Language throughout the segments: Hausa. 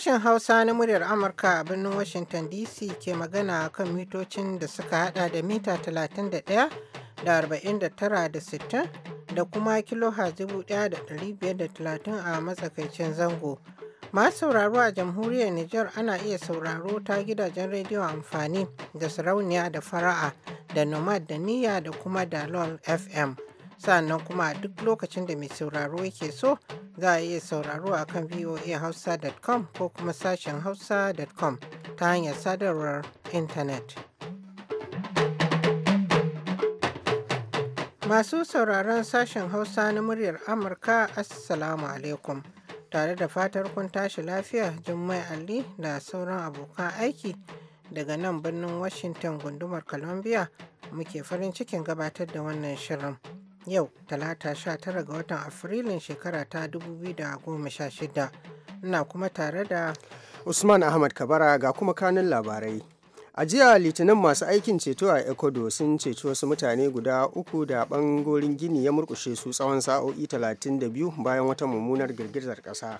Sashen Hausa na muryar Amurka a birnin Washington DC ke magana kan mitocin da suka hada da mita 31 da 49 da 60 da kuma kilohertz 1530 a matsakaicin zango. Masu sauraro a jamhuriyar Nijar ana iya sauraro ta gidajen rediyo amfani da sarauniya da fara'a da nomad da niyya da kuma dalol FM. sannan kuma a duk lokacin da mai sauraro yake so za a iya sauraro a kan voahausa.com ko kuma sashen hausa.com ta hanyar sadarwar intanet. Masu sauraron sashen hausa na muryar Amurka Assalamu alaikum. Tare da fatar kun tashi lafiya Jummai Ali da sauran abokan aiki daga nan birnin Washington gundumar Columbia muke farin cikin gabatar da wannan shirin. Yau, talata 19 ga watan Afrilun shekara ta 2016. Ina kuma tare da Usman Ahmad Kabara ga kuma kanun labarai. A jiya litinin masu aikin ceto a Ecuador sun ceci wasu mutane guda uku da bangorin gini ya murkushe su tsawon sa'o'i 32 bayan wata mummunar girgizar kasa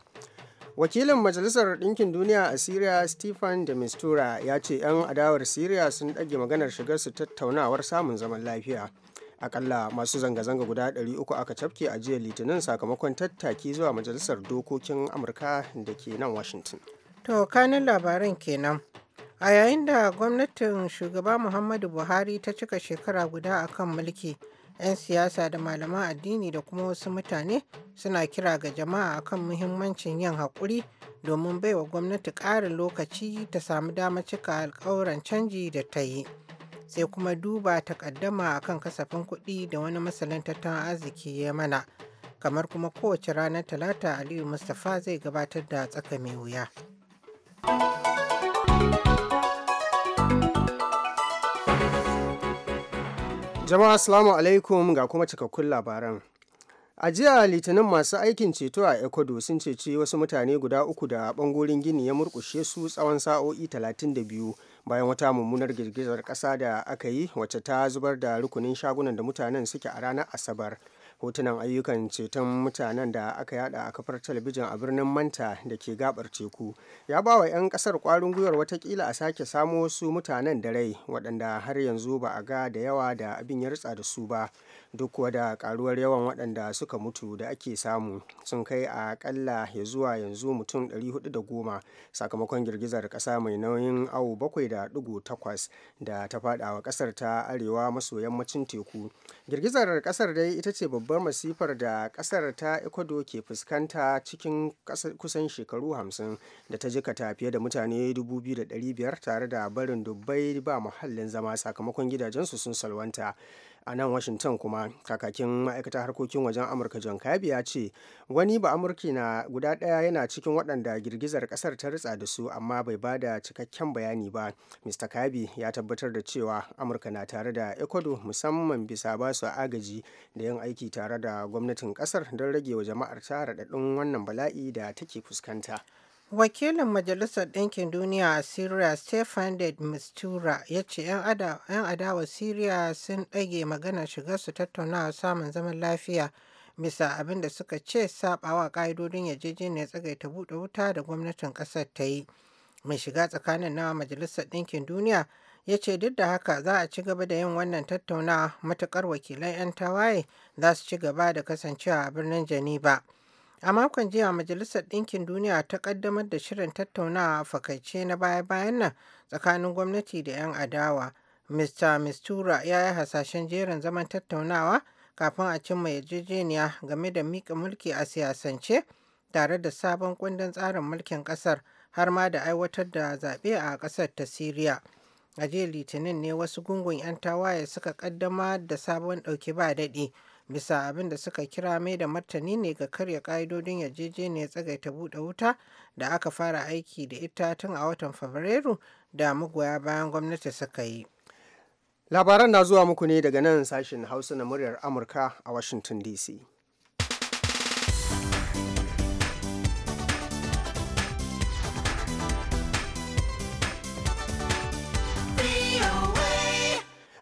wakilin majalisar ɗinkin duniya a syria stephen de mistura ya ce 'yan adawar syria sun ɗage maganar shigar su tattaunawar samun zaman lafiya akalla masu zanga-zanga guda 300 aka cafke a jiya litinin sakamakon tattaki zuwa majalisar dokokin amurka da ke nan washington to kanin labaran kenan a yayin da gwamnatin shugaba muhammadu buhari ta cika shekara guda a kan mulki 'yan siyasa da malaman addini da kuma wasu mutane suna kira ga jama'a akan muhimmancin yin haƙuri domin baiwa gwamnati ƙarin lokaci ta samu damar cika alƙawuran canji da ta yi sai kuma duba takaddama a kan kasafin kuɗi da wani masanin tattalin arziki ya mana kamar kuma kowace ranar talata aliyu mustapha zai gabatar da tsaka mai wuya jama'a asalamu alaikum ga kuma cikakkun labaran a jiya litinin masu aikin ceto a ecuador sun ceci wasu mutane guda uku da bangorin gini ya murkushe su tsawon sa'o'i 32 bayan wata mummunar girgizar ƙasa da aka yi wacce ta zubar da rukunin shagunan da mutanen suke a ranar asabar hotunan ayyukan ceton mutanen da aka yada a kafar talabijin a birnin manta da ke gabar teku ya ba wa 'yan kasar kwarin gwiwar watakila a sake samo su mutanen da rai waɗanda har yanzu ba a ga da yawa da abin ya ritsa da su ba duk wada karuwar yawan waɗanda suka mutu da ake samu sun kai a akalla ya zuwa yanzu mutum 410 sakamakon girgizar ƙasa mai nauyin awo 7.8 da ta faɗawa wa ƙasar ta arewa maso yammacin teku girgizar ƙasar dai ita ce babbar masifar da ƙasar ta ecuador ke fuskanta cikin kusan shekaru 50 da ta ta fiye da mutane 2,500 tare da barin dubbai ba muhallin zama sakamakon gidajensu sun salwanta a nan washington kuma kakakin ma'aikatar harkokin wajen amurka john kabi ya ce wani ba amurki na guda daya yana cikin waɗanda girgizar ƙasar ta ritsa da su amma bai ba da cikakken bayani ba mr kabi ya tabbatar da cewa amurka na tare da ecuador musamman bisa ba su agaji da yin aiki tare da gwamnatin ƙasar don rage wa jama'ar ta raɗaɗin wannan bala'i da take fuskanta Wakilin Majalisar Ɗinkin Duniya a Siriya Stefan de Mistura ya ce 'yan adawa Siriya sun ɗage shiga su tattaunawa samun zaman lafiya bisa abin da suka ce sabawa ƙa'idodin yarjejeniyar tsagaita buɗe wuta da gwamnatin ƙasar ta yi. Mai shiga tsakanin nawa Majalisar Ɗinkin Duniya ya ce duk da haka za a ci gaba da yin wannan tattaunawa matuƙar wakilan 'yan tawaye za su ci gaba da kasancewa a birnin Geneva. A makon jiya Majalisar Ɗinkin Duniya ta ƙaddamar da shirin tattaunawa a fakaice na baya-bayan nan tsakanin gwamnati da 'yan adawa. Mr. Mistura ya yi hasashen jerin zaman tattaunawa kafin a cimma yarjejeniya game da miƙa mulki a siyasance tare da sabon kundin tsarin mulkin ƙasar har ma da aiwatar da zaɓe a ƙasar ta Siriya. A jiya Litinin ne wasu gungun 'yan tawaye suka ƙaddama da sabon ɗauki ba daɗi bisa abin da suka kira mai da martani ne ga karya ƙa'idodin yarjejeniyar tsagaita buɗe wuta da aka fara aiki da ita tun a watan fabrairu da magoya bayan gwamnati suka yi labaran na zuwa muku ne daga nan sashen hausa na muryar amurka a washington dc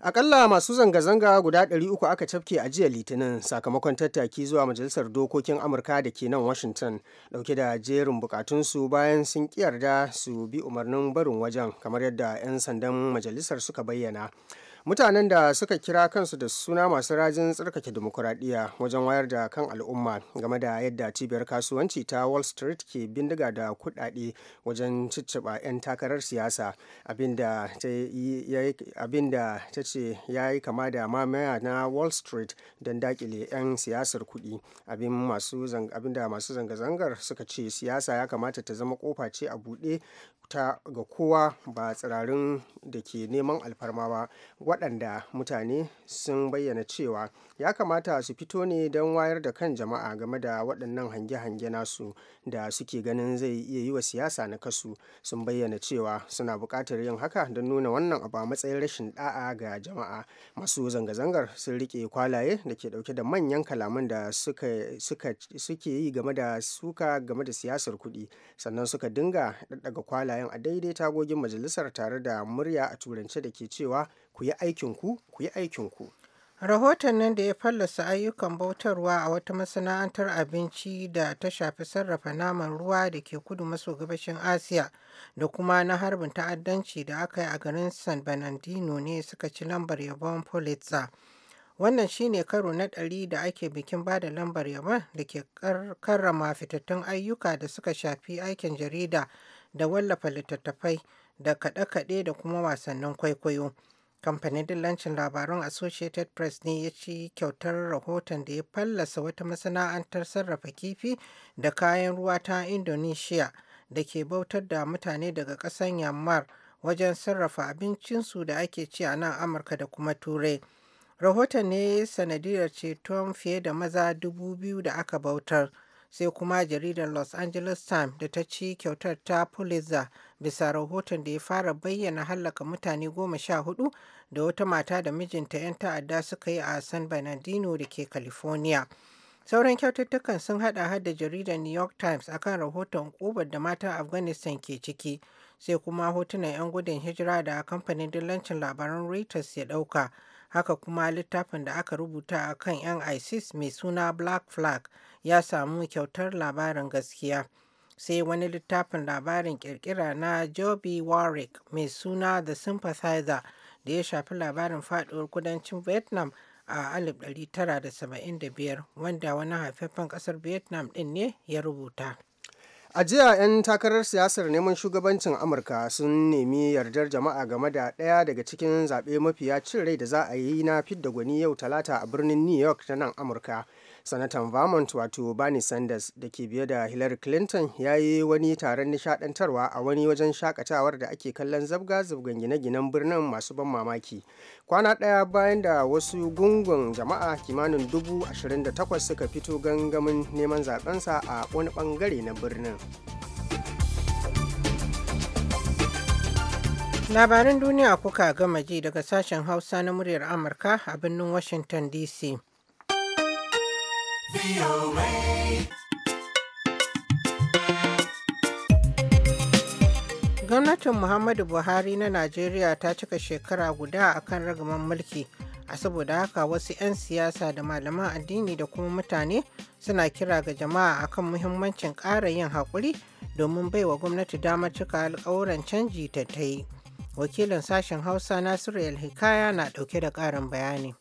Akalla masu zanga-zanga guda 300 aka cafke a jiya Litinin sakamakon tattaki zuwa Majalisar Dokokin Amurka da ke nan Washington dauke da jerin bukatunsu bayan sun yarda su bi umarnin barin wajen kamar yadda 'yan sandan majalisar suka bayyana. mutanen da suka kira kansu da suna masu rajin tsarkake demokuraɗiyya wajen wayar da kan al'umma game da yadda cibiyar kasuwanci ta wall street ke bindiga da kuɗaɗe wajen cicciɓa 'yan takarar siyasa abinda ta ce ya yi kama da mamaya na wall street don dakile 'yan siyasar kuɗi abinda masu zanga-zangar suka ce siyasa ya kamata ta zama kofa ce a buɗe ta ga kowa ba tsirarin da ke neman alfarma ba waɗanda mutane sun bayyana cewa ya kamata su fito ne don wayar da kan jama'a game da waɗannan hange-hange nasu da suke ganin zai iya yi wa siyasa na kasu sun bayyana cewa suna buƙatar yin haka don nuna wannan abu a matsayin rashin ɗa'a ga jama'a masu zanga-zangar sun riƙe kwalaye da ke ɗauke da manyan kalaman da suke yi game da suka game da siyasar kuɗi sannan suka dinga ɗaɗɗaga kwalayen a daidai tagogin majalisar tare da murya a turance da ke cewa ku yi aikinku ku yi aikinku rahoton nan da ya fallasa ayyukan bautarwa a wata masana'antar abinci da ta shafi sarrafa naman ruwa da ke kudu maso gabashin asiya da kuma na harbin ta'addanci da aka yi a garin san bernardino ne suka ci lambar yabon pulitzer wannan shine karo na ɗari da ake bikin ba da lambar yabon da ke karrama fitattun ayyuka da suka shafi aikin jarida da wallafa littattafai da kaɗe-kaɗe da kuma wasannin kwaikwayo. Kamfanin dillancin labarun Associated Press ne ya ci kyautar rahoton da ya fallasa wata masana'antar sarrafa kifi da kayan ruwa ta Indonesia da ke bautar da mutane daga ƙasar yammar wajen sarrafa abincinsu da ake ci a nan Amurka da kuma Turai. Rahoton ne sanadiyar ceton fiye da maza dubu biyu da aka bautar, sai kuma jaridar Los Angeles Times da ta ci kyautar ta Pulitzer bisa rahoton da ya fara bayyana hallaka mutane goma sha hudu da wata mata da mijinta 'yan ta'adda suka yi a san bernardino da ke california sauran kyaututtukan sun hada hada jaridar new york times akan rahoton kubar da matan afghanistan ke ciki sai kuma hotunan 'yan gudun hijira da kamfanin dillancin labaran reuters ya dauka haka kuma littafin da aka rubuta a kan 'yan isis mai suna black flag ya samu kyautar labarin gaskiya sai wani littafin labarin kirkira na Joby Warwick mai suna The Sympathizer da ya shafi labarin faduwar kudancin Vietnam a 1975 wanda wani haifaffen kasar Vietnam din ne ya rubuta. A jiya 'yan takarar siyasar neman shugabancin Amurka sun nemi yardar jama'a game da ɗaya daga cikin zaɓe mafiya cin rai da za a yi na fidda gwani yau talata a birnin New York ta nan Amurka. sanatan vermont wato bernie sanders da ke biye da hillary clinton ya yi wani taron nishadantarwa a wani wajen shakatawar da ake kallon zabga-zabgan gine-ginen birnin masu ban mamaki kwana ɗaya bayan da wasu gungun jama'a kimanin dubu ashirin da takwas suka fito gangamin neman zaɓensa a wani bangare na birnin labaran duniya kuka gama ji daga sashen hausa na muryar amurka a birnin washington dc Gwamnatin Muhammadu Buhari na Najeriya ta cika shekara guda a kan ragaman mulki, a saboda haka wasu 'yan siyasa da malaman addini da kuma mutane suna kira ga jama'a akan muhimmancin ƙara yin haƙuri domin baiwa gwamnati damar cika alƙawuran canji ta ta yi. Wakilin sashen Hausa Nasiru El Hikaya na ɗauke da ƙarin bayani.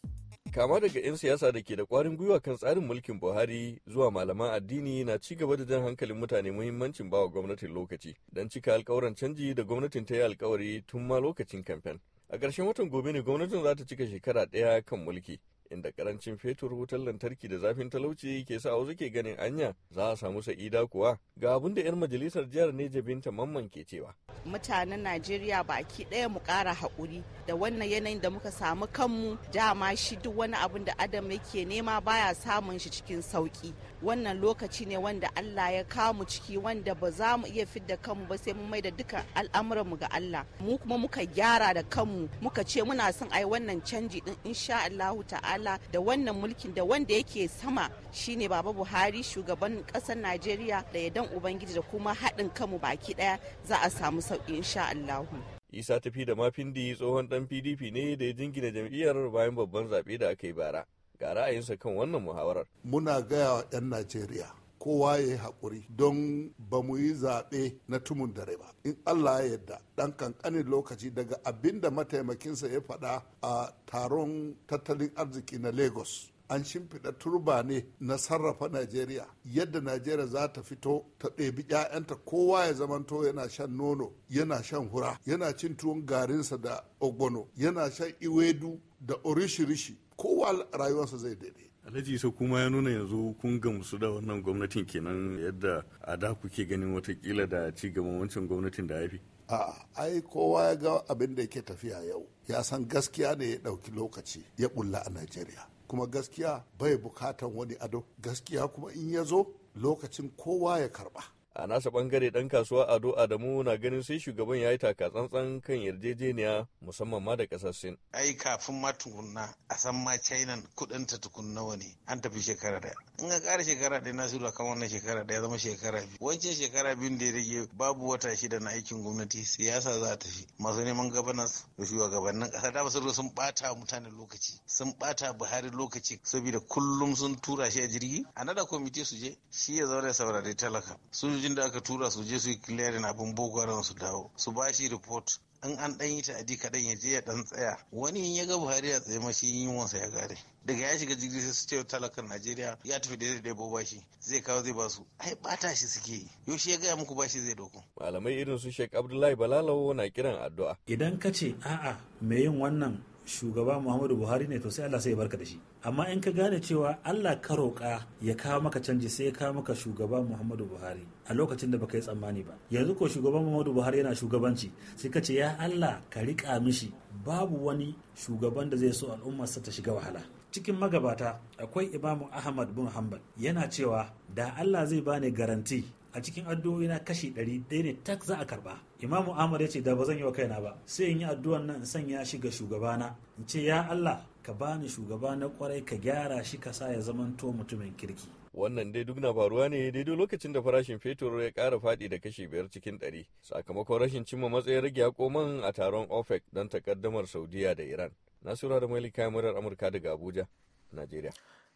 kama daga 'yan siyasa da ke da kwarin gwiwa kan tsarin mulkin buhari zuwa malaman addini na ci gaba da jan hankalin mutane muhimmancin bawa gwamnatin lokaci don cika alkawuran canji da gwamnatin ta yi alkawari tun ma lokacin kamfen a ƙarshen watan gobe ne gwamnatin za ta cika shekara ɗaya kan mulki inda karancin fetur wutar lantarki da zafin talauci ke sa wasu ke ganin anya za a samu sa'ida kuwa ga abin da 'yan majalisar jihar Neja Binta Mamman ke cewa. Mutanen Najeriya baki ɗaya mu kara haƙuri da wannan yanayin da muka samu kanmu dama shi duk wani abin da Adam yake nema baya samun shi cikin sauƙi. Wannan lokaci ne wanda Allah ya kamu ciki wanda ba za mu iya fidda kanmu ba sai mun mai da dukkan al'amuranmu ga Allah. Mu kuma muka gyara da kanmu muka ce muna son ai wannan canji din insha Allahu ta'ala Allah da wannan mulkin da wanda yake sama shine Baba Buhari shugaban ƙasar Najeriya da yadan Ubangiji da kuma haɗin kanmu baki ɗaya za a samu sauƙi insha Allahu. Isa tafi da mafindi tsohon ɗan PDP ne da ya jingina jam'iyyar bayan babban zaɓe da aka yi bara. Ga ra'ayinsa kan wannan muhawarar. Muna gaya wa 'yan Najeriya kowa ya yi haƙuri don ba mu yi zaɓe na tumun dare ba in allah ya yadda ɗan kankanin lokaci daga abin da mataimakinsa ya faɗa a taron tattalin arziki na lagos an shimfiɗa turba ne na sarrafa najeriya yadda najeriya za ta fito ta ɗebi 'ya'yanta kowa ya zamanto yana shan nono yana shan hura yana cin tuwon garinsa da ogbono yana shan iwedu da orishirishi kowa rayuwarsa zai daidai alhaji sai kuma ya nuna yanzu kun gamsu da wannan gwamnatin kenan yadda a da kuke ganin watakila da ci gaban wancan gwamnatin da haifi fi a'a ai kowa ya ga abin da yake tafiya yau ya san gaskiya ne ya ɗauki lokaci ya bulla a najeriya kuma gaskiya bai bukatan wani ado gaskiya kuma in ya zo lokacin kowa ya karba a nasa bangare dan kasuwa ado adamu na ganin sai shugaban ya yi taka tsantsan kan yarjejeniya musamman ma da kasar sin ai kafin ma tukunna a san ma china kudin ta tukun nawa an tafi shekara da in ka kara shekara daya nasiru akan wannan shekara ya zama shekara biyu wancan shekara biyun da ya rage babu wata shida na aikin gwamnati siyasa za ta fi masu neman gabanas da shugabannin kasa da basu sun ɓata mutane lokaci sun bata buhari lokaci saboda kullum sun tura shi a jirgi a nada kwamiti su je shi ya zaure saurari talaka su sojojin da aka tura su je su yi clearing abin boko su dawo su ba shi report in an dan yi ta'adi kaɗan ya je ya dan tsaya wani in ya ga buhari ya tsaye mashi yin wansa ya gare daga ya shiga jirgin sai su ce talakan najeriya ya tafi da zai ba bashi zai kawo zai basu ai bata shi suke yi yaushe ya gaya muku bashi zai dauko malamai irin su sheik abdullahi balalawo na kiran addu'a idan ka ce a'a me yin wannan shugaba muhammadu buhari ne to sai allah sai ya barka da shi amma in ka gane cewa allah ka roƙa ya kawo maka canji sai ya kawo maka shugaba muhammadu buhari a lokacin da baka yi tsammani ba yanzu ko shugaban muhammadu buhari yana shugabanci sai ka ce ya allah ka riƙa mishi babu wani shugaban da zai so al'ummarsa ta shiga wahala cikin magabata akwai imamu ahmad bin hanbal yana cewa da allah zai bani garanti a cikin addu'o'i na kashi ɗari ɗaya ne tak za a karɓa. imamu ahmad ya ce da ba zan yi wa kaina ba sai in yi addu'an nan in sanya shi ga shugabana in ce ya allah ka bani shugaba na kwarai ka gyara shi ka sa ya zamanto mutumin kirki wannan dai duk na faruwa ne daidai lokacin da farashin fetur ya kara faɗi da kashi biyar cikin ɗari sakamakon rashin cimma matsayin rage man a taron opec don takaddamar saudiya da iran nasura da malika murar amurka daga abuja najeriya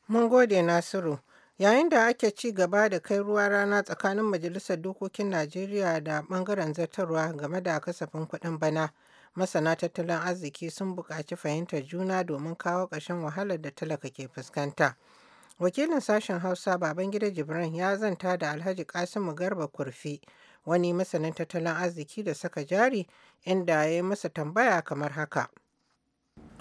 mun gode nasiru Yayin da ake ci gaba da kai ruwa rana tsakanin Majalisar Dokokin Najeriya da bangaren zartarwa game da kasafin kuɗin bana, masana tattalin arziki sun buƙaci fahimtar juna domin kawo ƙarshen wahalar da talaka ke fuskanta. Wakilin sashen Hausa Babangida Jibran ya zanta da Alhaji Kasimu Garba Kurfi, wani masanin tattalin arziki da saka jari, inda ya yi masa tambaya kamar haka.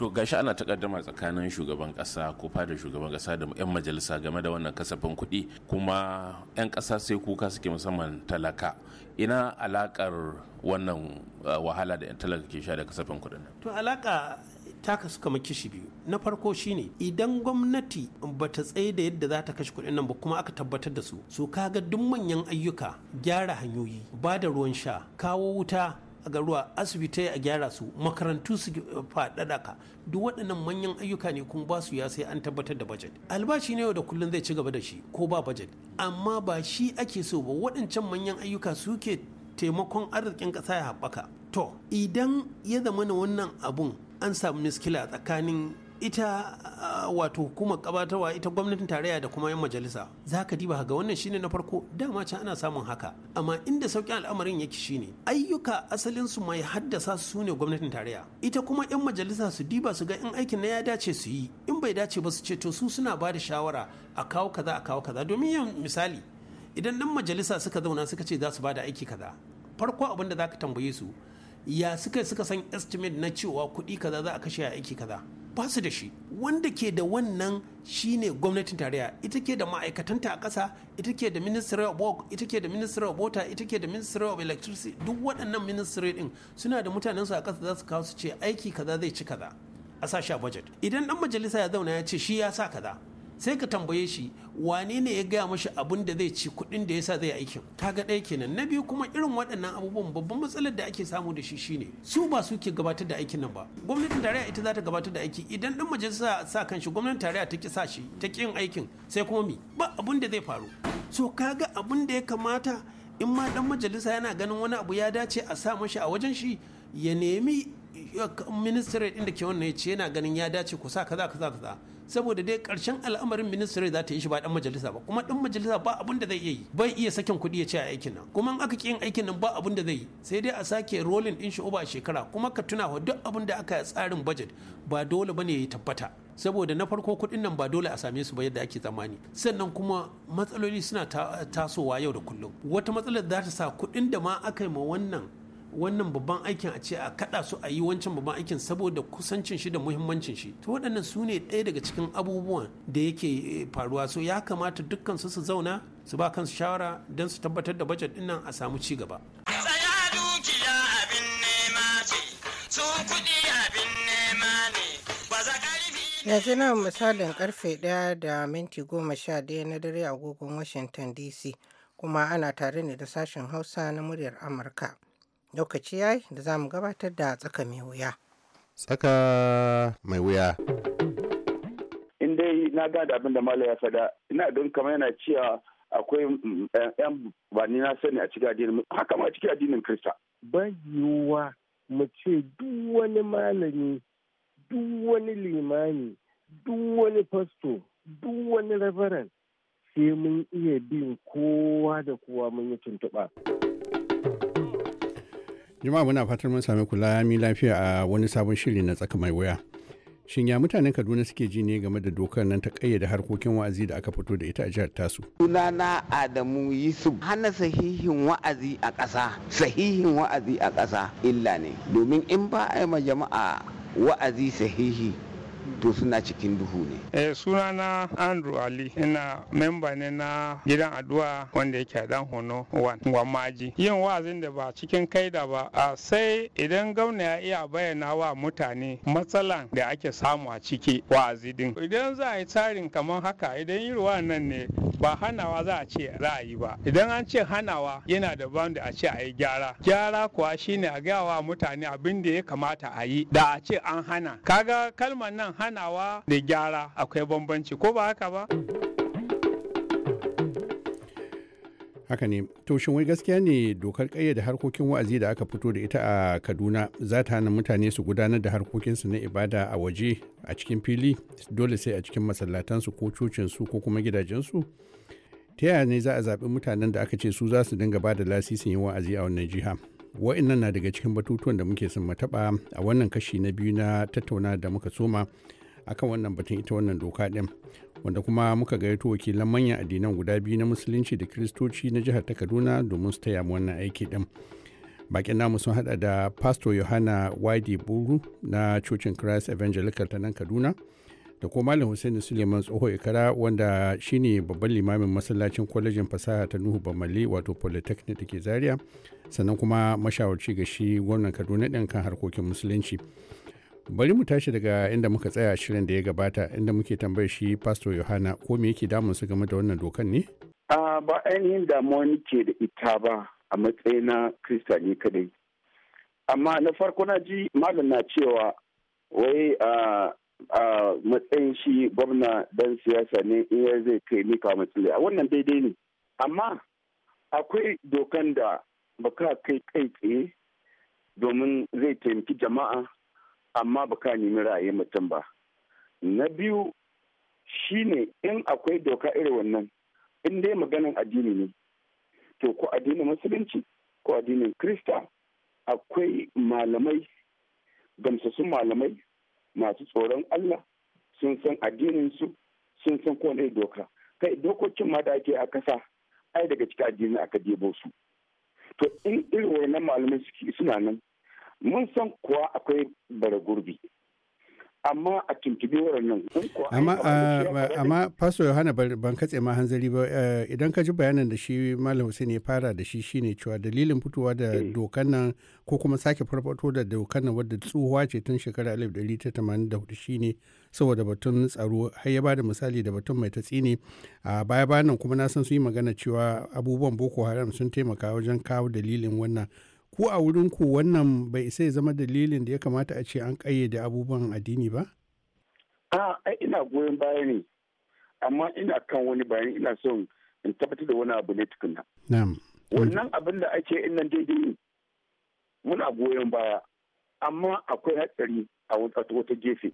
to gashi ana takaddama tsakanin shugaban kasa ko fada shugaban kasa da 'yan majalisa game da wannan kasafin kuɗi kuma 'yan kasa sai kuka suke musamman talaka ina alakar wannan eh, wahala da 'yan talaka ke sha da kasafin kuɗin to alaka ta kasu kama kishi biyu na farko shine idan gwamnati bata tsaye da yadda za ta kashe kuɗin nan ba kuma aka tabbatar da su su kaga duk manyan ayyuka gyara hanyoyi ba da ruwan sha kawo wuta garuwa asibitai a gyara su makarantu su faɗaɗa ka duk waɗannan manyan ayyuka ne kuma ba su ya sai an tabbatar da bajet albashi ne yau da kullum zai ci gaba da shi ko ba bajet amma ba shi ake so ba waɗancan manyan ayyuka suke taimakon arzikin ƙasa ya haɓaka to idan ya zama na wannan abun an samu miskila tsakanin ita uh, wato kuma kabatarwa ita gwamnatin tarayya da kuma yan majalisa za ka diba ga wannan shine na farko dama can ana samun haka amma inda sauƙin al'amarin yake shine ayyuka asalin su mai haddasa su ne gwamnatin tarayya ita kuma yan majalisa su diba su ga in aikin na ya dace su yi in bai dace ba su ce to su suna ba da shawara a kawo kaza a kawo kaza domin yin misali idan nan majalisa suka zauna suka ce za su ba da aiki kaza farko abin da za ka tambaye su ya suka suka san estimate na cewa kuɗi kaza za a kashe a aiki kaza ba su da shi wanda ke da wannan shine gwamnatin tarayya ita ke da ma'aikatanta a ƙasa ita ke da ministry of work ita ke da ministry of water ita ke da ministry of electricity duk waɗannan ministry din suna da mutanen su a ƙasa za su kawo su ce aiki kaza zai ci kaza a sa a budget idan dan majalisa ya zauna ya ce shi ya sa kaza sai ka tambaye shi wane ne ya gaya mashi abun da zai ci kuɗin da ya sa zai aikin kaga ɗaya kenan na biyu kuma irin waɗannan abubuwan babban matsalar da ake samu da shi shine su ba su ke gabatar da aikin nan ba gwamnatin tarayya ita za ta gabatar da aiki idan ɗan majalisa sa kan shi gwamnatin tarayya ta ki sa shi ta ki yin aikin sai kuma mi ba abin da zai faru so ga abun da ya kamata in ma ɗan majalisa yana ganin wani abu ya dace a sa mashi a wajen shi ya nemi ministry din da ke wannan ya ce yana ganin ya dace ku sa kaza kaza kaza saboda dai karshen al'amarin ministry za ta yi shi ba dan majalisa ba kuma dan majalisa ba abin da zai yi bai iya sakin kuɗi ya ce a aikin nan kuma in aka ki yin aikin nan ba abin da zai yi sai dai a sake rolling din shi uba shekara kuma ka tuna wa duk abun da aka tsarin budget ba dole bane ya tabbata saboda na farko kuɗin nan ba dole a same su ba yadda ake tsammani sannan kuma matsaloli suna tasowa yau da kullum wata matsalar za ta sa kuɗin da ma aka yi ma wannan wannan babban aikin a ce a kada su a yi wancan babban aikin saboda kusancin shi da muhimmancin shi to waɗannan su ne ɗaya daga cikin abubuwan da yake eh, faruwa so ya kamata dukkan su su zauna su ba kansu shawara don su tabbatar da bajet ɗin a samu ci gaba tsaya dukiya nema ce yanzu misalin karfe 1 da minti 11 na dare agogon washington dc kuma ana tare ne da sashen hausa na muryar amurka lokaci yayi da za mu gabatar da tsaka mai wuya. Tsaka mai wuya. In dai na gada abin da Malam ya faɗa, ina gan kamar yana cewa akwai eh, yan ba ni na sani a cikin addinin haka ma cikin addinin Kirista. Bayyuwa mu ce duk wani malami, duk wani limami, duk wani fasto, duk wani rabaran sai mun iya bin kowa da kowa mun yi tuntuɓa. Jama'a muna fatar mun sami kula mi lafiya a wani sabon shiri na tsaka mai wuya. Shin ya mutanen Kaduna suke ji ne game da dokar nan ta kayyade harkokin wa'azi da aka fito da ita a jihar tasu? na Adamu Yusuf hana sahihin wa'azi a ƙasa, sahihin wa'azi a ƙasa illa ne. Domin in ba a yi ma jama'a wa'azi sahihi to suna cikin duhu ne. Eh na Andrew Ali ina memba ne na gidan addu'a wanda yake a dan Hono wa maji. Yin wa'azin da ba cikin kaida ba a sai idan gauna ya iya bayyana wa mutane matsalan da ake samu a ciki wa'azi din. Idan za a yi tsarin kamar haka idan yi ruwa nan ne ba hanawa za a ce za a yi ba. Idan an ce hanawa yana da ban da a ce a yi gyara. Gyara kuwa shine a gaya wa mutane abin da ya kamata a yi da a ce an hana. Kaga kalmar nan kan hanawa da gyara akwai bambanci ko ba haka ba haka ne to shin wai gaskiya ne dokar kayyade harkokin wa'azi da aka fito da ita a kaduna za ta hana mutane su gudanar da harkokinsu na ibada a waje a cikin fili dole sai a cikin masallatansu ko cocinsu ko kuma gidajensu ta yaya ne za a zaɓi mutanen da aka ce su za su dinga ba da lasisin yin wa'azi a wannan jiha wa'annan na daga cikin batutuwan da muke son mataba a wannan kashi na biyu na tattauna da muka soma akan wannan batun ita wannan doka ɗin wanda kuma muka gayyato wakilan manyan addinan guda biyu na musulunci da kiristoci na jihar ta kaduna domin su taya mu wannan aiki ɗin bakin namu sun hada da pastor yohana wadi buru na cocin christ evangelical ta nan kaduna da ko malam Hussein Suleiman Tsoho Ikara wanda shine babban limamin masallacin kwalejin fasaha ta Nuhu Bamale wato Polytechnic da ke Zaria sannan kuma mashawarci ga shi gwamnan Kaduna ɗin kan harkokin musulunci. Bari mu tashi daga inda muka tsaya shirin da ya gabata inda muke tambayar shi Pastor Yohana ko me yake damun su game da wannan dokan ne? A ba ainihin damuwa ke da ita ba a matsayin na Kirista ne kadai. Amma na farko na ji malam na cewa wai a matsayin shi gwamna dan siyasa ne ya zai kai ni mika A wannan daidai ne amma akwai dokan da baka kai kai tsaye domin zai taimaki jama'a amma baka nemi ra'ayin mutum ba na biyu shine in akwai doka irin wannan in dai maganin addini ne to ko addinin musulunci ko addinin krista akwai malamai gamsassun malamai masu tsoron Allah sun san addinin su sun san kowane doka kai dokokin ma da ake a kasa ai daga cikin addini aka debo su to in irin wayannan malamai suna nan mun san kuwa akwai bara gurbi amma a tuntubi waɗannan amma ah, amma yohana ban katse ma hanzari ba eh, idan ka ji bayanan da shi malam hussein ya fara da shi shine cewa dalilin fitowa da hmm. dokan nan ko kuma sake farfato da dokan nan wadda tsohuwa ce tun shekara 1984 shine saboda batun tsaro har ya bada misali da batun mai tatsi ne a baya bayan kuma na san su yi magana cewa abubuwan boko haram sun taimaka wajen kawo dalilin wannan ko a wurin ku wannan bai isa ya zama dalilin da ya kamata a ce an kayyade abubuwan addini ba? a ina goyon baya ne amma ina kan wani bayan ina son in tabbatar da wani abu ne tukuna. wannan abin da ake in nan daidai muna goyon baya amma akwai hatsari a wata gefe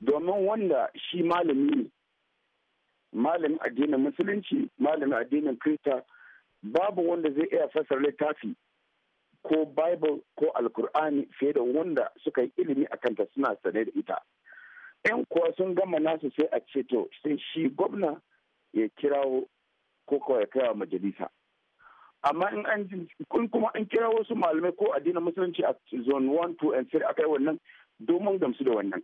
domin wanda shi malami ne malamin addinin musulunci malamin addinin krista babu wanda zai iya fasar littafi ko bible ko alkur'ani fiye da wanda suka yi ilimi a kanta suna sane da ita yan kuwa sun gama nasu sai a ce to sai shi gwamna ya kirawo ko kawai wa majalisa amma in an kuma an kira wasu malamai ko addinin musulunci a zone 1 2 and 3 akai wannan domin gamsu da wannan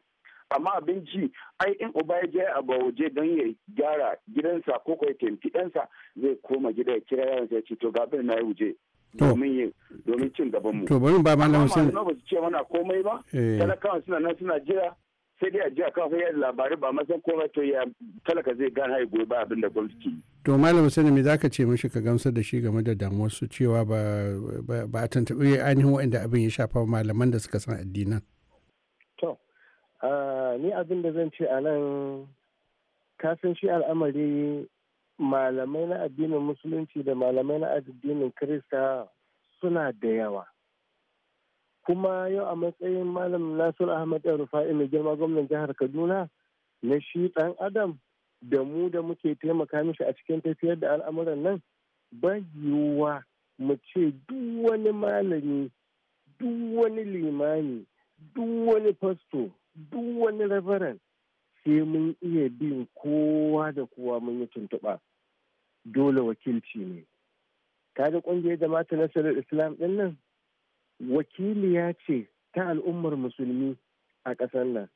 amma abin ji ai in uba ya je a waje don ya gyara gidansa ko kai tempi ɗansa zai koma gida ya kira yaran sai ce to ga na yi wuje domin cin gaban mu to bari ba malam Hussein ba su ce mana komai ba eh. talakawa suna nan suna jira sai dai a ji a yadda labarai ba masan komai to ya talaka zai gane hai goyi ba abin da gwamnati to malam sani me zaka ce mishi ka gamsar da shi game da damuwar su cewa ba ba a tantabi ainihin waɗanda abin ya shafa malaman da suka san addinan to ah, ni abin da zan ce a nan kafin shi al'amari malamai na addinin musulunci da malamai na addinin kirista suna da yawa kuma yau a matsayin malam Nasiru ahmad yan rufa'i mai girma gwamnan jihar kaduna na shi dan adam da mu da muke taimaka mishi a cikin tafiyar da al'amuran nan ba yiwuwa mu ce duk wani malami duk wani limani, duk wani fasto duk wani rabaran sai mun iya bin kowa da kowa mun yi tuntuɓa dole wakilci ne kaga ƙungiyar ta nasarar islam ɗin nan wakiliya ce ta al'ummar musulmi a ƙasar nan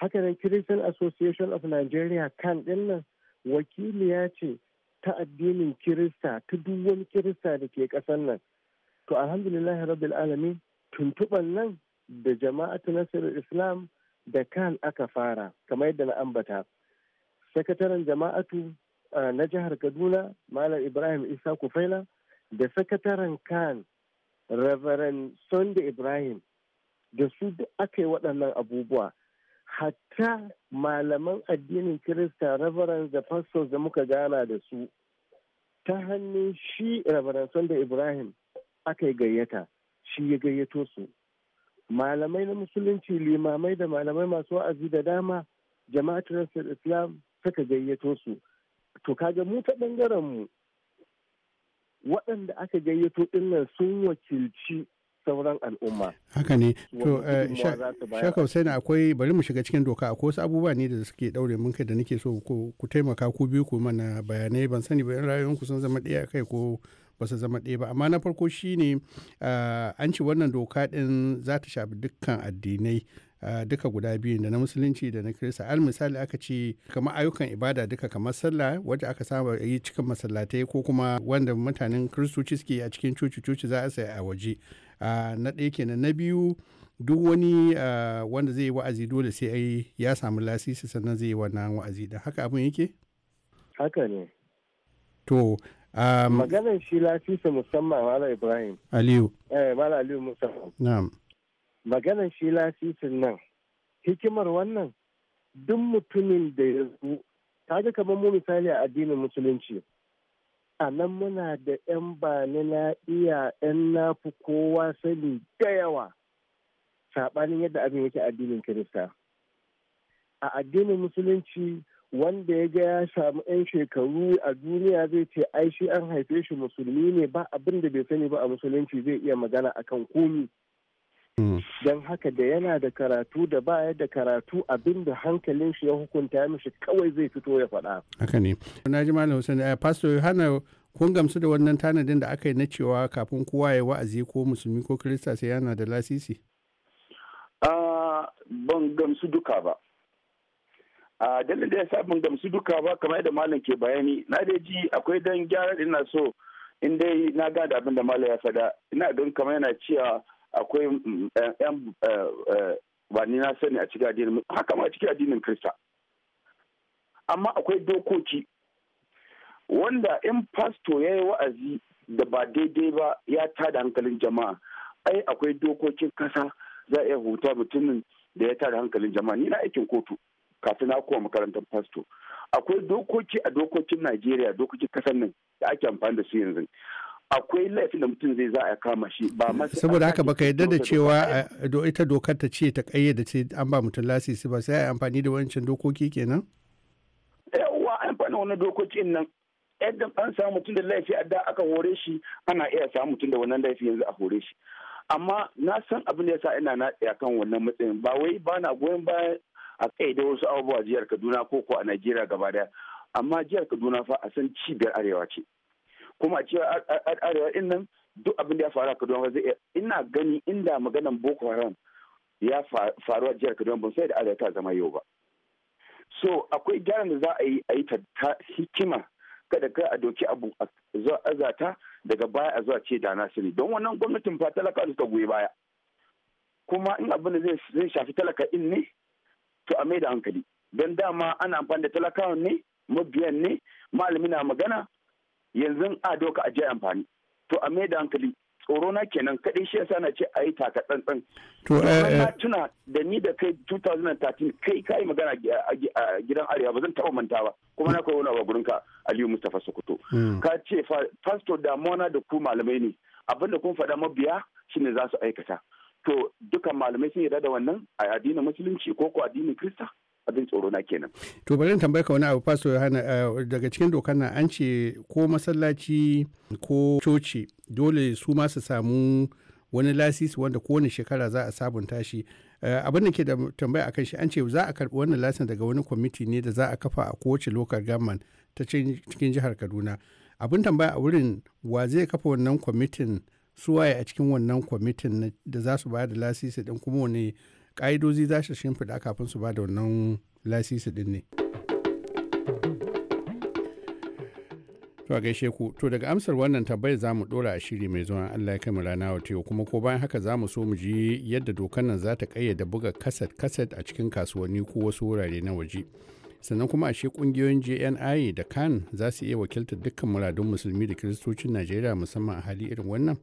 haka nan christian association of nigeria kan ɗin nan wakiliya ce ta addinin kirista ta duk wani kirista da ke ƙasar nan to alhamdulillah rabbil alamin tuntuɓan nan da jama'a ta nasarar islam da kan aka fara kamar yadda na ambata sakataren jama'atu na jihar kaduna malam ibrahim isa kufaila da sakataren kan reverend sunday ibrahim da su da aka yi waɗannan abubuwa hatta malaman addinin kirista reverend da pastors da muka gana da su ta hannun shi reverend sunday ibrahim aka yi gayyata shi ya gayyato su malamai na musulunci limamai da malamai masu wa'azi da dama jama'atar islam suka gayyato su to kaga mu ta ɓangaren mu waɗanda aka gayyato ɗinnan sun wakilci sauran al'umma. Haka ne, to eh, sai na akwai bari mu shiga cikin doka akwai wasu abubuwa ne da suke ɗaure mun kai da nake so ku taimaka ku biyu ku mana bayanai ban sani ba in ku sun zama ɗaya kai ko ba su zama ɗaya ba amma na farko shine ah, an ci wannan doka din za ta shafi dukkan addinai duka guda biyu da na musulunci da na kirista al misali aka ce kamar ayyukan ibada duka kamar sallah wadda aka a yi cikin masallatai ko kuma wanda mutanen kiristoci suke a cikin coci-coci za a sai a waje na ɗaya kenan na biyu duk wani wanda zai yi wa'azi dole sai yi ya samu lasisi sannan zai yi wannan wa'azi da haka abin yake haka ne to maganar shi lasisi musamman mala ibrahim aliyu eh mala aliyu musamman na'am maganan shi lasisin nan hikimar wannan duk mutumin da ya zo kaga kamar mu misali a addinin musulunci a nan muna da 'yan bani na iya 'yan nafi kowa sani da yawa saɓanin yadda abin yake addinin kirista a addinin musulunci wanda ya ga ya samu 'yan shekaru a duniya zai ce ai shi an haife shi musulmi ne ba abin da bai sani ba a musulunci zai iya magana akan komi. Mm. don haka da yana da karatu da baya da karatu abinda hankalin shi ya hukunta mishi kawai zai fito ya faɗa. haka ne na ji malam hussein a eh, pastor yohana kun gamsu da wannan tanadin da aka yi na cewa kafin kowa ya wa'azi ko musulmi ko kirista sai yana da lasisi ah, ban gamsu duka ba a ah, dalilin da ya sa ban gamsu duka ba kamar yadda malam ke bayani na dai ji akwai dan gyara ina so in dai na gada abin da malam ya faɗa ina don kamar yana cewa akwai yan ba ni na sani a cikin addinin haka ma cikin addinin krista amma akwai dokoki wanda in pasto ya yi wa'azi da ba daidai ba ya tada hankalin jama'a ai akwai dokokin kasa za a iya huta mutumin da ya tada hankalin jama'a ni na aikin kotu kafin na kowa makarantar pasto akwai dokoki a dokokin najeriya dokokin kasar nan da ake amfani da su yanzu akwai laifin da mutum zai za a kama shi ba masu saboda haka baka yadda da cewa eh, ita dokar ta ce ta kayyade ce an ba mutum lasisi ba sai a amfani da wancan dokoki kenan yawa amfani wani dokokin nan yadda an samu mutum da laifi a da aka hore shi ana iya samu mutum da wannan laifi yanzu a hore shi amma na san abin da yasa ina na kan wannan matsayin ba wai ba na goyon baya a kai da wasu abubuwa jihar kaduna ko ko a najeriya gaba daya amma jihar kaduna fa a san cibiyar arewa ce kuma a cewa arewa din nan duk abin da ya faru a kaduna zai ina gani inda maganan boko haram ya faru a jihar kaduna ban sai da arewa ta zama yau ba so akwai gyaran da za a yi a yi ta hikima kada ka a doki abu a azata daga baya a zuwa ce da sani, don wannan gwamnatin fa talaka suka goyi baya kuma in abin da zai shafi talaka in ne to a mai da hankali don dama ana amfani da talakawan ne mabiyan ne malami na magana yanzu a doka a je amfani to a mai da hankali tsoro na kenan kaɗai shi yasa na ce a yi taka tsantsan. To eh, na eh. tuna da ni da kai 2013 kai ka yi magana a gidan Arewa ba zan taɓa manta ba kuma na koyi wani gurin ka Aliyu Mustapha Sokoto. Hmm. Ka ce fasto da na da ku malamai ne abinda kun faɗa mabiya shine za su aikata. To dukan malamai sun yarda da wannan a addinin musulunci ko ko addinin Kirista. abin tsoro na kenan. To bari tambayar ka wani abu Pastor Yohana eh, daga cikin dokar na an ce ko masallaci ko coci dole su ma su samu wani lasisi wanda kowane shekara za a sabunta shi eh, abin da ke da tambaya akan shi an ce za a karbi wannan lasin daga wani kwamiti ne da za a kafa a kowace lokar gamman ta cikin jihar kaduna abin tambaya a wurin wa zai kafa wannan kwamitin suwaye a cikin wannan kwamitin da za su bayar da lasisi din kuma wani ƙa'idoji za su shimfiɗa kafin su ba da wannan lasisi ɗin ne. To a gaishe ku, to daga amsar wannan tambayar za mu ɗora a shiri mai zuwa Allah ya kai mu rana wa teku kuma ko bayan haka za mu so mu ji yadda dokar nan za ta ƙayyada buga kaset kaset a cikin kasuwanni ko wasu wurare na waje. sannan kuma ashe kungiyoyin jni da kan za su iya wakiltar dukkan muradun musulmi da kiristocin najeriya musamman a hali irin wannan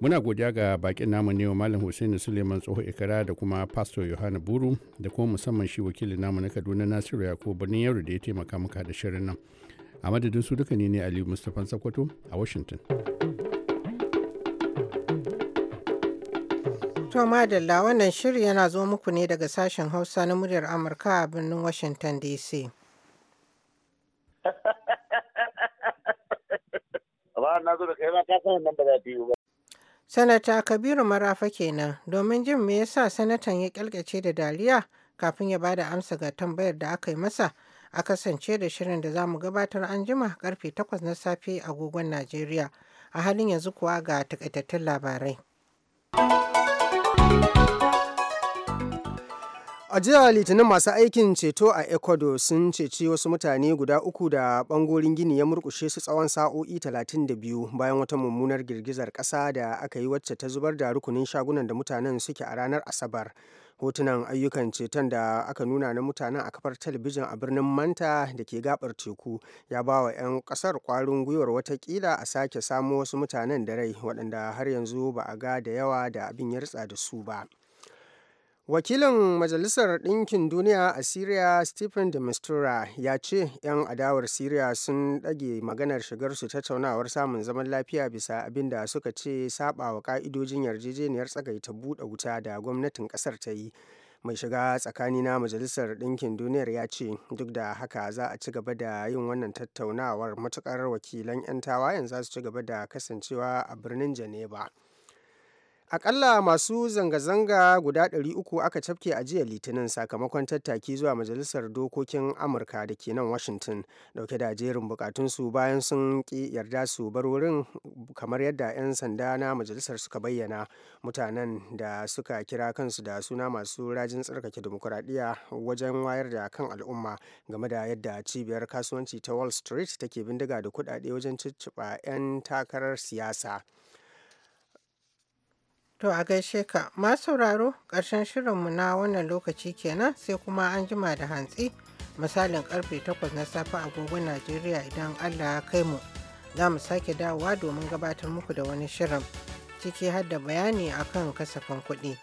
muna godiya ga bakin namu ne wa malam hussein suleiman tsoho ikara da kuma pastor yohana buru da kuma musamman shi wakilin namu na kaduna nasiru yakubu birnin yaro da ya taimaka maka da shirin nan a madadin su duka ne ne aliyu mustapha sakwato a washington to madalla wannan shirin yana zo muku ne daga sashen hausa na muryar amurka a birnin washington dc Sanata Kabiru Marafa kenan domin jin me yasa sanatan ya kyalkyace da dariya kafin ya bada amsa ga tambayar da aka yi masa a kasance da shirin da zamu gabatar an jima karfe 8 na safe a agogon Najeriya. A halin yanzu kuwa ga takaitattun labarai. A jiya Litinin masu aikin ceto a Ecuador sun ceci wasu mutane guda uku da bangorin gini ya murkushe su tsawon sa'o'i 32 bayan wata mummunar girgizar ƙasa da aka yi wacce ta zubar da rukunin shagunan da mutanen suke a ranar Asabar. Hotunan ayyukan ceton da aka nuna na mutanen a kafar talabijin a birnin Manta da ke gabar teku ya ba wa 'yan kasar kwarin gwiwar watakila a sake samo wasu mutanen da rai waɗanda har yanzu ba a ga da yawa da abin ya da su ba. Wakilin Majalisar Ɗinkin Duniya a syria Stephen de Mistura ya ce 'yan adawar syria sun ɗage maganar shigar su tattaunawar samun zaman lafiya bisa abinda suka ce saba wa ƙa'idojin yarjejeniyar tsagaita buɗe wuta da gwamnatin ƙasar ta yi. Mai shiga tsakani na Majalisar Ɗinkin Duniyar ya ce duk da haka za a ci gaba da yin wannan tattaunawar matukar wakilan 'yan tawayen za su ci gaba da kasancewa a birnin Geneva. Akalla masu zanga-zanga guda 300 aka cafke a jiya Litinin sakamakon tattaki zuwa Majalisar Dokokin Amurka da ke nan Washington dauke da jerin bukatunsu bayan sun ki yarda su bar wurin kamar yadda 'yan sanda na majalisar suka bayyana mutanen da suka kira kansu da suna masu rajin tsarkake dimokuraɗiyya wajen wayar da kan al'umma game da yadda cibiyar kasuwanci ta Wall Street take bindiga da kuɗaɗe wajen cicciɓa 'yan takarar siyasa. To a gaishe ka, ma sauraro ƙarshen shirinmu na wannan lokaci kenan sai kuma an jima da hantsi misalin karfe 8 na safe agogon Najeriya idan Allah ya kai mu. Za mu sake dawowa domin gabatar muku da wani shirin ciki har da bayani akan kasafin kuɗi.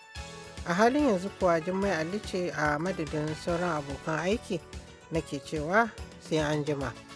A halin yanzu kuwa Jummai alice ce a madadin sauran abokan aiki nake cewa sai an jima.